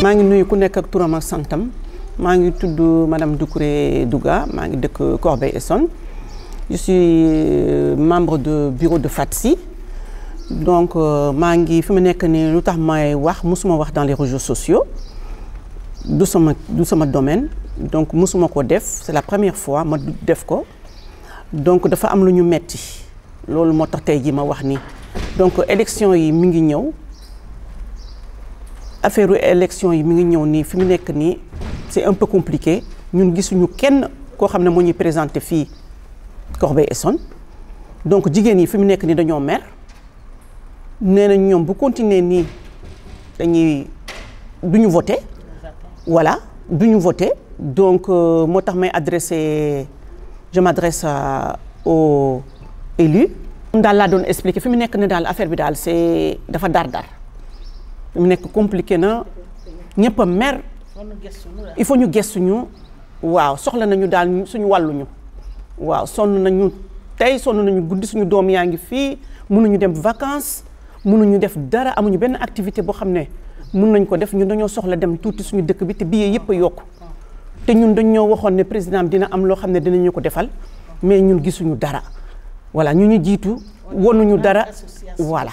Mangi nuyu ku nek ak turam ak santam mangi ngi madame Doucouré Douga Mangi dekk Corbeil-Essonnes je suis euh, membre de bureau de FATSI donc euh, mangi fima nek ni lutax may wax musuma wax dans les réseaux sociaux du sama du sama domaine donc musuma ko def c'est la première fois ma def ko donc dafa am lu ñu metti loolu motax tax ma wax ni donc élection yi mi ngi affaire élection yi mi ngi ñëw ni fi mu nekk c'est un peu compliqué ñun gisuñu kenn ko xamne mo moo présenter fi fii corbeil donc jigen yi fi mu nekk nii dañoo mer nee nañ bu continuer ni dañuy duñu voter voilà duñu voter. donc euh, moo tax may adressé je m'adresse au élus daal la doon expliquer fi mu nekk nii affaire bi dal c'est dafa dar-dar mu nekk compliqué na ñëpp a mer il faut ñu gëstuñu waaw soxla nañu daal suñu wàlluñu waaw sonn nañu tey sonn nañu guddi suñu doom yaa ngi fii mënuñu dem vacances munuñu def dara amuñu benn activité boo xam ne mun nañ ko def ñu dañoo soxla dem tuuti suñu dëkk bi te billet yëpp a yokku te ñun dañoo waxoon ne président dina am loo xam ne dinañu ko defal mais ñun gisuñu dara voilà ñu ñu jiitu wonuñu dara voilà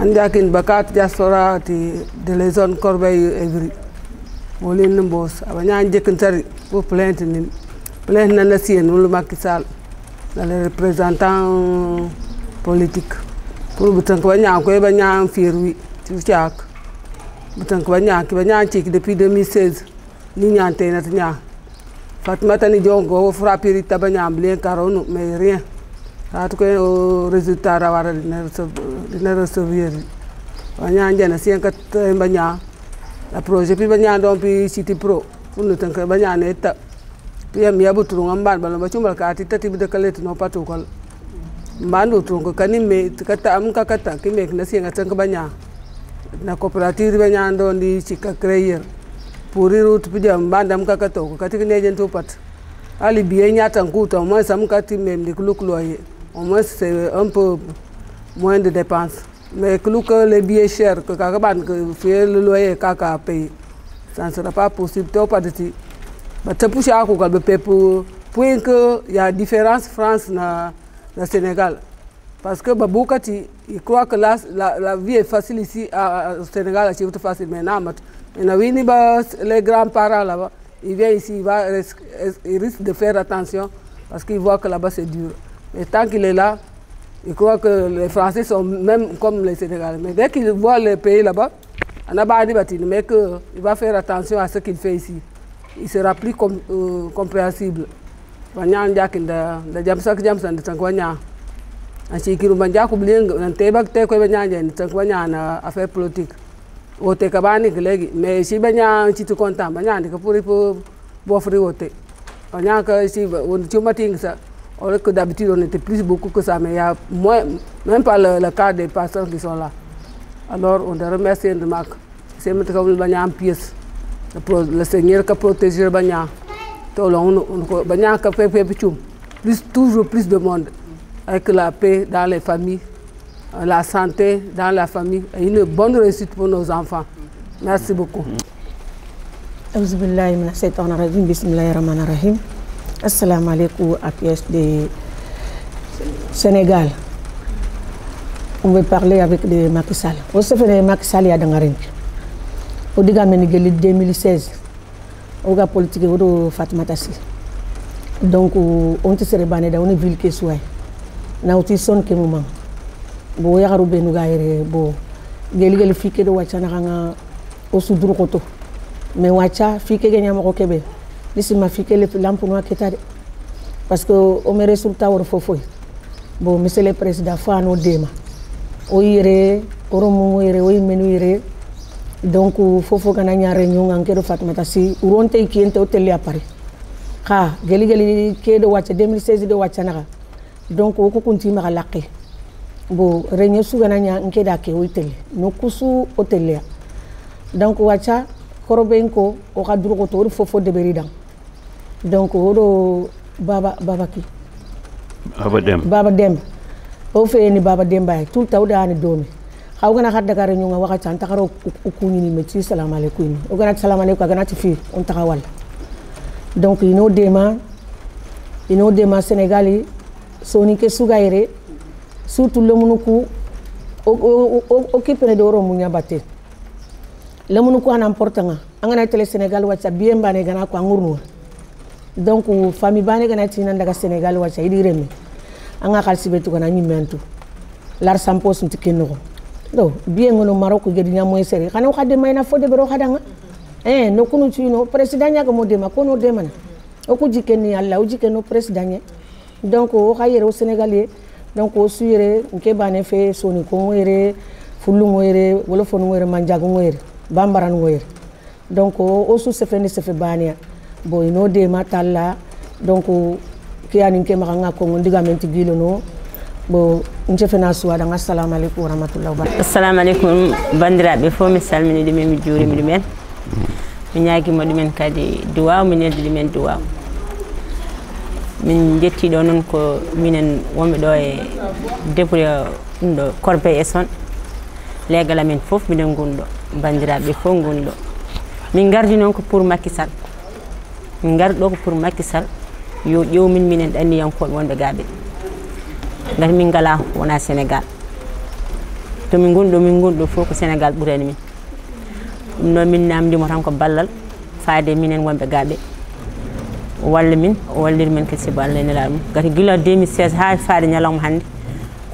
andiakin bakat diaspora ti de les zones corbeille evri wolin nembos abanya anjekin tari pour plainte ni plainte na nasien wulu makisal na le représentants politiques pour butan ko banya ko banya firwi ci ciak butan ko banya ki banya ci depuis 2016 ni ñante na ñaa Fatimata ni jongo frappiri tabanya blen karonu mais rien rat ko résultat rawara ne dina recevoir banya njana sien kat banya la projet pi banya don pi city pro funu tan ka banya ne ta pi am ya butru ngamban bala ba chumbal ka ati tati bida kalet no patu kol mbandu tru ko kanim me kata am ka kata ki me na sien atan ka banya na cooperative banya don di chika creer puri route pi jam bandam ka kato ko katik ne jen pat ali biye nyata nguto mo sam katim me ndi kulukloye on must un peu moins de dépenses. Mais que les billets chers, que Kakaban, que le loyer Kaka à payer, ça ne sera pas possible. Tu pas de ti. Mais tu peux quoi pour point que y a différence France na le Sénégal. Parce que Baboukati, il croit que la, la, vie est facile ici au Sénégal, c'est tout facile. Mais non, les grands-parents là-bas, ils viennent ici, ils, ils risquent de faire attention parce qu'ils voient que là-bas c'est dur. Mais tant qu'il est là, Je crois que les Français sont même comme les Sénégalais. Mais dès qu'ils voient les pays là-bas, Anaba Adibatine, mais qu'il va faire attention à ce qu'il fait ici. Il sera plus com euh, compréhensible. Wanyan jakin da da jamsak jamsan da tankwanya. An shi kiru ban jaku blien nan tebak te ko banya jan tankwanya na affaire politique. O te kabani legi mais shi banya shi tu kontan banya ka puri po bofri wote. Wanyan ka shi won chuma ting sa. Alors que d'habitude, on était plus beaucoup que ça, mais il y a moins, même pas le, cas des personnes qui sont là. Alors, on te remercie de C'est notre on en pièce. Le Seigneur qui a protégé le on fait plus, toujours plus de monde. Avec la paix dans les familles, la santé dans la famille et une bonne réussite pour nos enfants. Merci beaucoup. asalaamaaleykum APS de Sénégal on veut parler avec de Macky Sall wosefene Macky Sall ya danga renki odigameni geli 2016 oga politique odo Fatimata Sy donc euh, on ti sere bane da woni ville ke suway naw ti son ke muma bo yagaru benuga yere bo geligeli fike do waccanaxanga o suduruxoto mais wacca fike ge ñamoxo keɓe ni si ma fikele lampunua keta de parce que o me resultat wor fo foye bon monsieur le président fo ano dema o yere oromumu yere o yimenu yere donc fo fo kana ɲa réunion kan kedo fatumata si uronte i kiyente o telli a pari xa geli geli ke do wacca 2016 do waccanaxa donc wo kukuntimaxa laqe bon réunion sugana ɲa n keda ke wo i telli no kusu o telliya donc wacca korobe n ko o xa duroxoto wori fo fo deberi dan donc oɗo baba babaki baba demba baba demba o feyeni baba demba ye tout taw daani doomi xaw gana xa dakar ñunga waxa can taxaro o kuñini me ci salam aleykum ni o ganati salam aleykum a ganati fi on taxa walla donc ino dema ino dema sénégal yi soni ke suga yere surtout lemunu ku o kipene de woro muña batte lemunu ku anan portanga a gana télé sénégal wacca biyen mbane gana ko a ngurnuwa donc fami bane kana tinan daga senegal wacha idi reme an ga xalsi be tugana ñimmentu lar sampo sunti ke noxo do biye ngono maroc gediña moy seri xana xa demayna fo deɓero xadanga e eh, no kunu cuino président ñaga mo dema kono demana o ku jikenni alla o jikeno président ñe donc wo xa yere o sénégal ye donc wo su yere nke bane fe soni kongo yere fulungo yere wolofonungo yere manjagungo yere bambaranungo yere donc wo su sefendi sefe baneya bon ino dema talla donc ke anin ke maxanga kongo ndigamen tigilo no bon njefena suwaɗang assalamu aleykum wa rahmatullah ba assalamu aleykum bandiraɓe fo mi salmini ɗumen mi juurimi ɗumen mi ñaguima ɗumen kadi duwaw mi neldi ɗumen duwaw min jettiɗo noon ko minen wonɓe ɗo e débré ɗum ɗo corbey eson leegal amen fof miɗen gonɗo bandiraɓe fof gonɗo min gardi noon ko pour makisal min ngari ɗo ko pour makisal yo ƴewmin minen ɗanniyankoɓe wonɓe gaaɓe gati min ngala wona sénégal tomin gonɗo min gonɗo fof ko sénégal ɓurani min ɗum noon min namdimo tan ko ballal faade minen wonɓe gaaɓe o walla min o wallir min kadi sibo allah e nelaa mum gati gila 2016 ha faade ñalawma hannde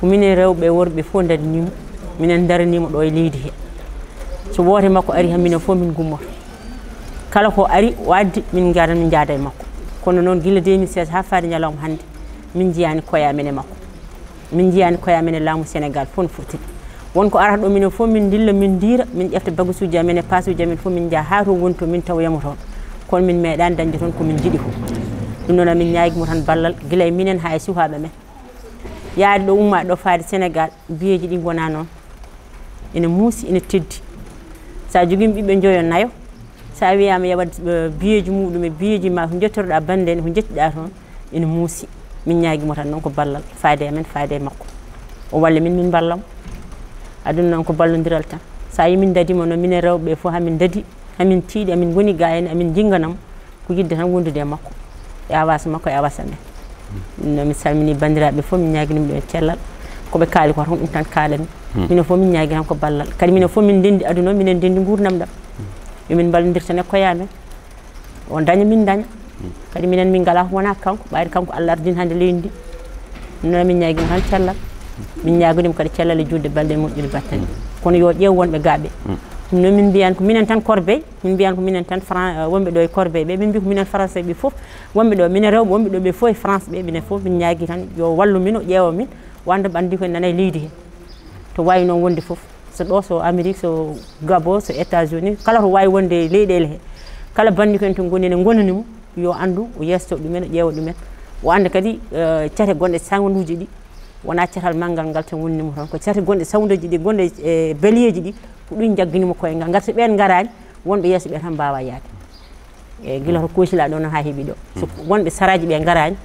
ko minen rewɓe worɓe fof ndarinimo minen daranimo ɗo e leydi he so woote makko ari han minen fof min gummoto kala ko ari waddi min garan min jaada e makko kono noon gila 2016 ha fade ñalawma hannde min jiyani koya men e makko min jiyani koya men e laamu sénégal fof no fotiri wonko arata ɗo minen fof min dilla min diira min ƴefta bagage uji amen e pas uji amen fof min jaa ha to woni to min taw yamo toon kono min meeɗani dañde toon komin jiɗi ko ɗum noon amin ñaygimo tan ballal gila e minen ha e suhaɓe men yaade ɗo ummade ɗo faade sénégal biyeji ɗi gona noon ene muusi ene teddi sa jogimi ɓiɓɓe joyo nayo so a wiyama yewat biyeji muɗum e biyeji ma ko jettoroɗa bande nde ko jettiɗa toon ene muusi min ñaguimo tan noon ko ballal faade amen faade e makko o walla min min ballamo aɗum noon ko ballodiral tan sa yi min dadimo noon min e rewɓe fof hamin dadi hamin tiiɗi amin goni ga en amin jingganamo ko yidde tan wondude e makko e awasa makko e awasa men ɗumnoon min salmini bandiraɓe fof min ñaguinomi ɗum e cellal koɓe kaali ko tan ko ɗum tan kaalami hmm. mine fof min ñagui tan ko ballal kadi mine fof min ndendi aduna minen ndendi gurnam ɗam yomin ballodirtane koya men o daña min daña kadi minen min ngala ko wona kanko ɓayde kanko allah ardin hannde leydi ndi noon min ñaagimo tan cellal min ñaagodim kadi cellal e juutde balɗe moƴƴude battani kono yo ƴeew wonɓe gaaɓe ɗumnoon mm. min mbiyan ko minen tan corbeye min mbiyan ko minen tan fran euh, wonɓe ɗo e corbeye ɓe min mbi ko minen français ɓe fof wonɓe ɗo minen rewɓe wonɓe ɗo ɓe fof e france ɓe ɓine fof min ñaagui tan yo wallu min o ƴeewa min wanda ɓanndi koye nana e leydi he to wawi noon wonde fof so ɗo so amérique so gabo so états unis kala to wawi wonde leyɗele he kala bandiko en to goni ene gonanimo yo andu o yesto ɗumen o ƴeewa ɗumen o anda kadi e, cate gonɗe sawduji ɗi wona catal maggal ngal tan woninimo tan ko cate gonɗe sawdeji ɗi gonɗe e balieji ɗi ko ɗum jagginimo koyengal gar so ɓen garani wonɓe yesso ɓe tan mbawa yaade e guila to consulat ɗo no ha heeɓi ɗo so hmm. wonɓe saraji ɓe garani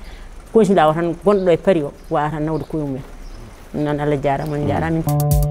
consulat o tan gonɗo ɗo e paari o wawa tan nawde koye mumen ɗum noon allah jarama on jarama